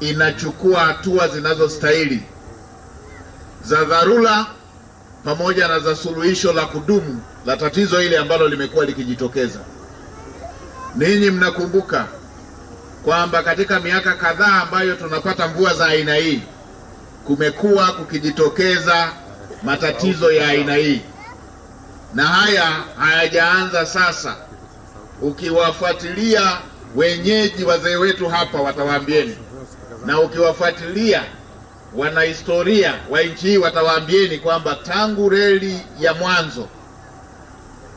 inachukua hatua zinazostahili za dharura pamoja na za suluhisho la kudumu la tatizo hili ambalo limekuwa likijitokeza. Ninyi mnakumbuka kwamba katika miaka kadhaa ambayo tunapata mvua za aina hii kumekuwa kukijitokeza matatizo ya aina hii, na haya hayajaanza sasa. Ukiwafuatilia wenyeji wazee wetu hapa watawaambieni na ukiwafuatilia wanahistoria wa nchi hii watawaambieni kwamba tangu reli ya mwanzo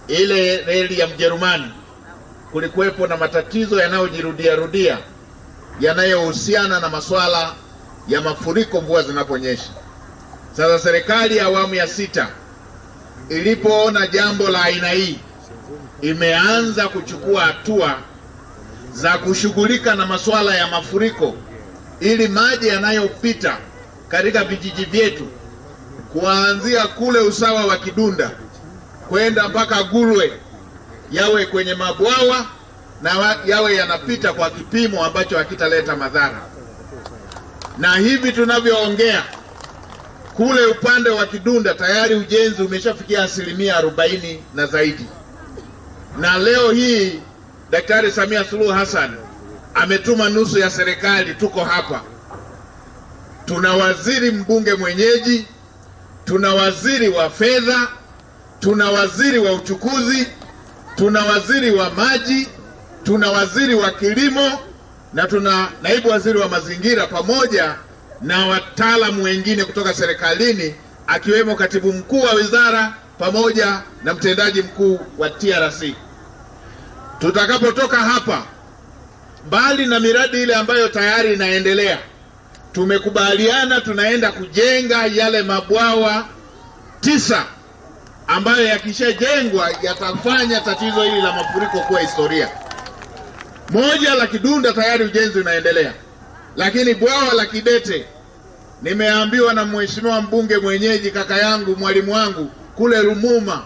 ile reli ya Mjerumani kulikuwepo na matatizo yanayojirudia rudia yanayohusiana na masuala ya mafuriko mvua zinaponyesha. Sasa serikali ya awamu ya sita ilipoona jambo la aina hii, imeanza kuchukua hatua za kushughulika na masuala ya mafuriko ili maji yanayopita katika vijiji vyetu kuanzia kule usawa wa Kidunda kwenda mpaka Gulwe yawe kwenye mabwawa na yawe yanapita kwa kipimo ambacho hakitaleta madhara. Na hivi tunavyoongea, kule upande wa Kidunda tayari ujenzi umeshafikia asilimia arobaini na zaidi, na leo hii Daktari Samia Suluhu Hassan ametuma nusu ya serikali, tuko hapa. Tuna waziri mbunge mwenyeji, tuna waziri wa fedha, tuna waziri wa uchukuzi, tuna waziri wa maji, tuna waziri wa kilimo na tuna naibu waziri wa mazingira pamoja na wataalamu wengine kutoka serikalini akiwemo katibu mkuu wa wizara pamoja na mtendaji mkuu wa TRC. Tutakapotoka hapa bali na miradi ile ambayo tayari inaendelea. Tumekubaliana tunaenda kujenga yale mabwawa tisa ambayo yakishajengwa yatafanya tatizo hili la mafuriko kuwa historia. Moja la Kidunda tayari ujenzi unaendelea, lakini bwawa la Kidete nimeambiwa na mheshimiwa mbunge mwenyeji, kaka yangu, mwalimu wangu kule Rumuma,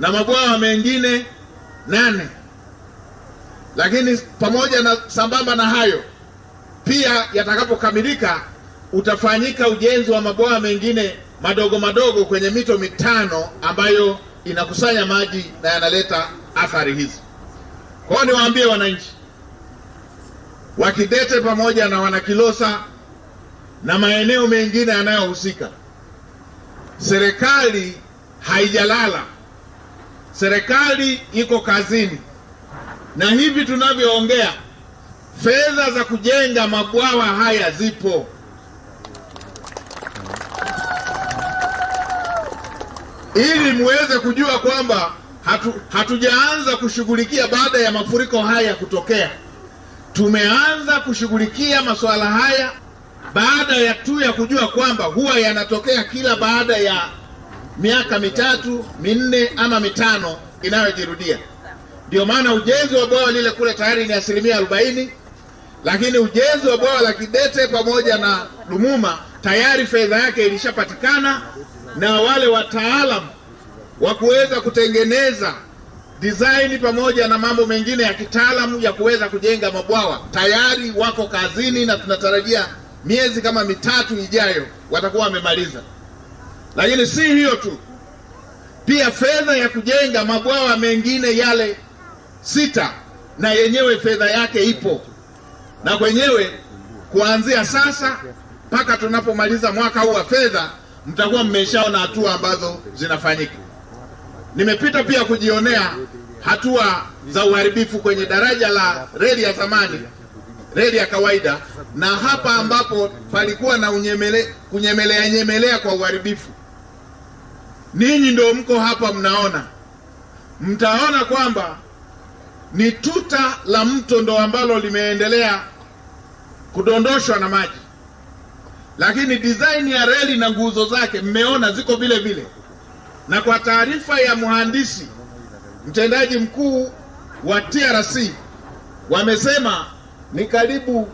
na mabwawa mengine nane lakini pamoja na sambamba na hayo, pia yatakapokamilika, utafanyika ujenzi wa mabwawa mengine madogo madogo kwenye mito mitano ambayo inakusanya maji na yanaleta athari hizi. Kwa hiyo niwaambie wananchi wakidete pamoja na wanakilosa na maeneo mengine yanayohusika, serikali haijalala, serikali iko kazini na hivi tunavyoongea, fedha za kujenga mabwawa haya zipo. ili muweze kujua kwamba hatu, hatujaanza kushughulikia baada ya mafuriko haya kutokea. Tumeanza kushughulikia masuala haya baada ya tu ya kujua kwamba huwa yanatokea kila baada ya miaka mitatu minne ama mitano inayojirudia. Ndio maana ujenzi wa bwawa lile kule tayari ni asilimia arobaini, lakini ujenzi wa bwawa la Kidete pamoja na Lumuma tayari fedha yake ilishapatikana na wale wataalam wa kuweza kutengeneza design pamoja na mambo mengine ya kitaalamu ya kuweza kujenga mabwawa tayari wako kazini, na tunatarajia miezi kama mitatu ijayo watakuwa wamemaliza. Lakini si hiyo tu, pia fedha ya kujenga mabwawa mengine yale sita na yenyewe fedha yake ipo na kwenyewe. Kuanzia sasa mpaka tunapomaliza mwaka huu wa fedha, mtakuwa mmeshaona hatua ambazo zinafanyika. Nimepita pia kujionea hatua za uharibifu kwenye daraja la reli ya zamani, reli ya kawaida, na hapa ambapo palikuwa na unyemele, kunyemelea nyemelea kwa uharibifu. Ninyi ndio mko hapa mnaona, mtaona kwamba ni tuta la mto ndo ambalo limeendelea kudondoshwa na maji, lakini design ya reli na nguzo zake mmeona ziko vile vile. Na kwa taarifa ya mhandisi mtendaji mkuu wa TRC wamesema ni karibu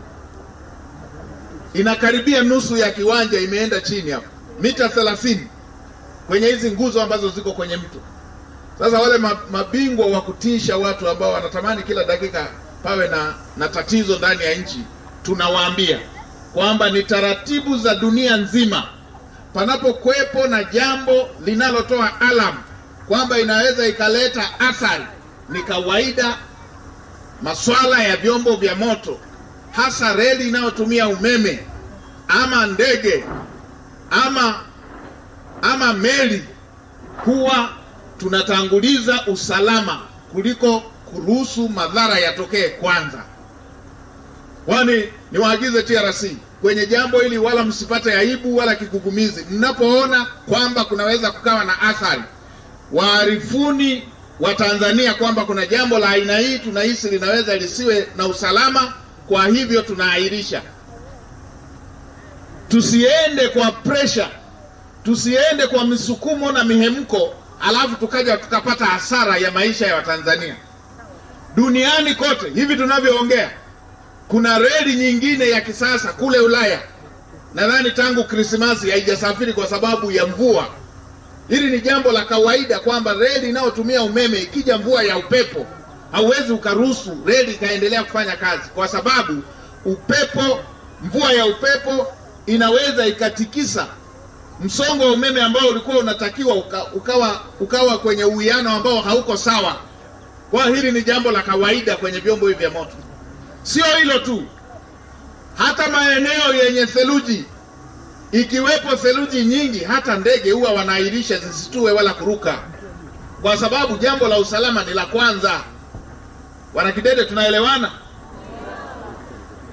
inakaribia nusu ya kiwanja imeenda chini hapo, mita 30 kwenye hizi nguzo ambazo ziko kwenye mto. Sasa wale mabingwa wa kutisha watu ambao wanatamani kila dakika pawe na, na tatizo ndani ya nchi, tunawaambia kwamba ni taratibu za dunia nzima, panapokwepo na jambo linalotoa alam kwamba inaweza ikaleta athari, ni kawaida masuala ya vyombo vya moto, hasa reli inayotumia umeme ama ndege ama ama meli huwa tunatanguliza usalama kuliko kuruhusu madhara yatokee kwanza. Kwani niwaagize TRC kwenye jambo hili, wala msipate aibu wala kigugumizi. Mnapoona kwamba kunaweza kukawa na athari, waarifuni wa tanzania kwamba kuna jambo la aina hii tunahisi linaweza lisiwe na usalama, kwa hivyo tunaahirisha. Tusiende kwa presha, tusiende kwa misukumo na mihemko alafu tukaja tukapata hasara ya maisha ya Watanzania. Duniani kote hivi tunavyoongea, kuna reli nyingine ya kisasa kule Ulaya, nadhani tangu Krismasi haijasafiri kwa sababu ya mvua. Hili ni jambo la kawaida kwamba reli inayotumia umeme ikija mvua ya upepo, hauwezi ukaruhusu reli ikaendelea kufanya kazi, kwa sababu upepo, mvua ya upepo inaweza ikatikisa msongo wa umeme ambao ulikuwa unatakiwa uka, ukawa, ukawa kwenye uwiano ambao hauko sawa. Kwa hili ni jambo la kawaida kwenye vyombo hivi vya moto. Sio hilo tu, hata maeneo yenye theluji, ikiwepo theluji nyingi, hata ndege huwa wanaahirisha zisitue wala kuruka, kwa sababu jambo la usalama ni la kwanza. Wanakidede, tunaelewana?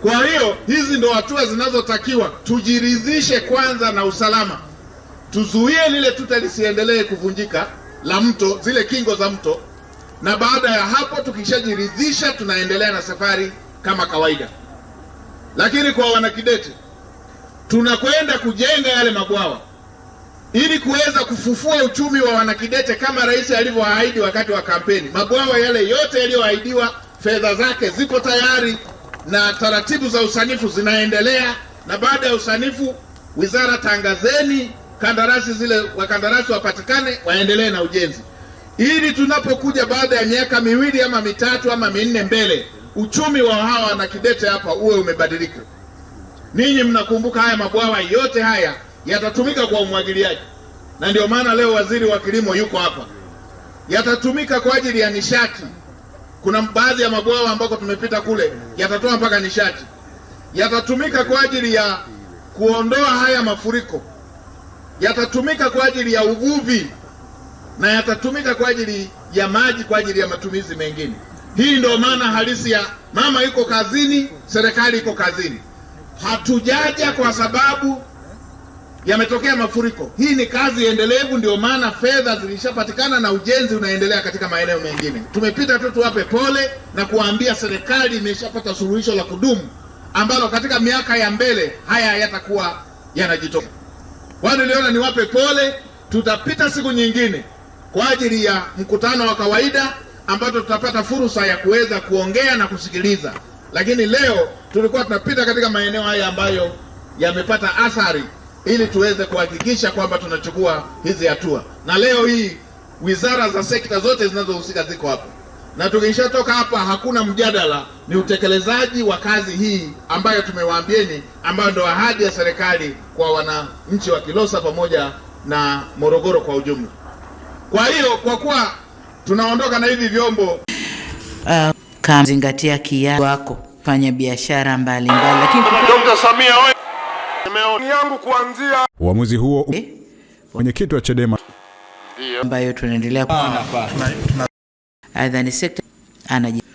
Kwa hiyo hizi ndo hatua zinazotakiwa, tujiridhishe kwanza na usalama tuzuie lile tuta lisiendelee kuvunjika la mto, zile kingo za mto, na baada ya hapo tukishajiridhisha, tunaendelea na safari kama kawaida. Lakini kwa wanakidete tunakwenda kujenga yale mabwawa ili kuweza kufufua uchumi wa wanakidete kama rais alivyoahidi wakati wa kampeni. Mabwawa yale yote yaliyoahidiwa, fedha zake zipo tayari na taratibu za usanifu zinaendelea, na baada ya usanifu, wizara tangazeni kandarasi zile, wakandarasi wapatikane, waendelee na ujenzi, ili tunapokuja baada ya miaka miwili ama mitatu ama minne mbele, uchumi wa hawa na kidete hapa uwe umebadilika. Ninyi mnakumbuka haya mabwawa yote haya yatatumika kwa umwagiliaji, na ndio maana leo waziri wa kilimo yuko hapa. Yatatumika kwa ajili ya nishati. Kuna baadhi ya mabwawa ambako tumepita kule yatatoa mpaka nishati. Yatatumika kwa ajili ya kuondoa haya mafuriko yatatumika kwa ajili ya uvuvi na yatatumika kwa ajili ya maji kwa ajili ya matumizi mengine. Hii ndio maana halisi ya mama yuko kazini, serikali iko kazini. Hatujaja kwa sababu yametokea mafuriko. Hii ni kazi endelevu, ndio maana fedha zilishapatikana na ujenzi unaendelea katika maeneo mengine. Tumepita tu tuwape pole na kuwaambia serikali imeshapata suluhisho la kudumu ambalo katika miaka ya mbele haya yatakuwa yanajitokeza. Kwa hiyo niliona niwape pole. Tutapita siku nyingine kwa ajili ya mkutano wa kawaida ambapo tutapata fursa ya kuweza kuongea na kusikiliza, lakini leo tulikuwa tunapita katika maeneo haya ambayo yamepata athari, ili tuweze kuhakikisha kwamba tunachukua hizi hatua, na leo hii wizara za sekta zote zinazohusika ziko hapo na tukishatoka hapa, hakuna mjadala, ni utekelezaji wa kazi hii ambayo tumewaambieni, ambayo ndo ahadi ya serikali kwa wananchi wa Kilosa pamoja na Morogoro kwa ujumla. Kwa hiyo kwa kuwa tunaondoka na hivi vyombo uh, kamzingatia kia wako fanya biashara mbalimbali, lakini Dr. Samia wewe yangu kuanzia uamuzi huo eh? mwenyekiti wa Chadema ambayo tunaendelea adhani sekta anaji